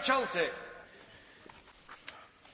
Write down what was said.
przewodniczący!